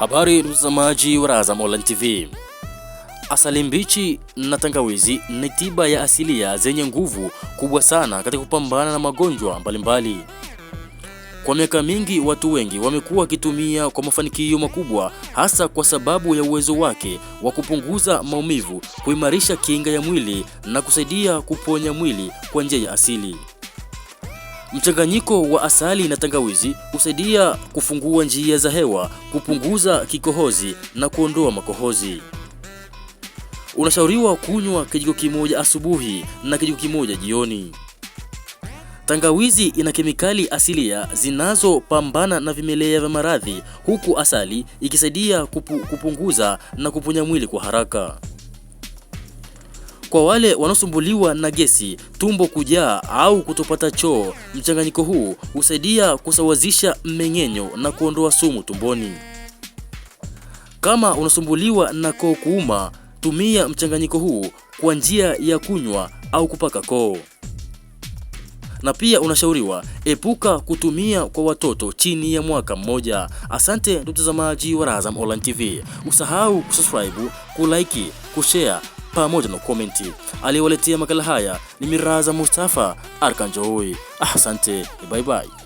Habari mtazamaji wa Raza molan TV. Asali mbichi na tangawizi ni tiba ya asilia zenye nguvu kubwa sana katika kupambana na magonjwa mbalimbali Kwa miaka mingi watu wengi wamekuwa wakitumia kwa mafanikio makubwa, hasa kwa sababu ya uwezo wake wa kupunguza maumivu, kuimarisha kinga ya mwili na kusaidia kuponya mwili kwa njia ya asili. Mchanganyiko wa asali na tangawizi husaidia kufungua njia za hewa, kupunguza kikohozi na kuondoa makohozi. Unashauriwa kunywa kijiko kimoja asubuhi na kijiko kimoja jioni. Tangawizi ina kemikali asilia zinazopambana na vimelea vya maradhi, huku asali ikisaidia kupu, kupunguza na kuponya mwili kwa haraka. Kwa wale wanaosumbuliwa na gesi, tumbo kujaa au kutopata choo, mchanganyiko huu husaidia kusawazisha mmeng'enyo na kuondoa sumu tumboni. Kama unasumbuliwa na koo kuuma, tumia mchanganyiko huu kwa njia ya kunywa au kupaka koo. Na pia unashauriwa epuka kutumia kwa watoto chini ya mwaka mmoja. Asante mtazamaji wa Razam Online TV, usahau kusubscribe, kulike, kushare pamoja na komenti. Aliyewaletea makala haya ni Miraza Mustafa Arkanjoui. Asante, bye bye.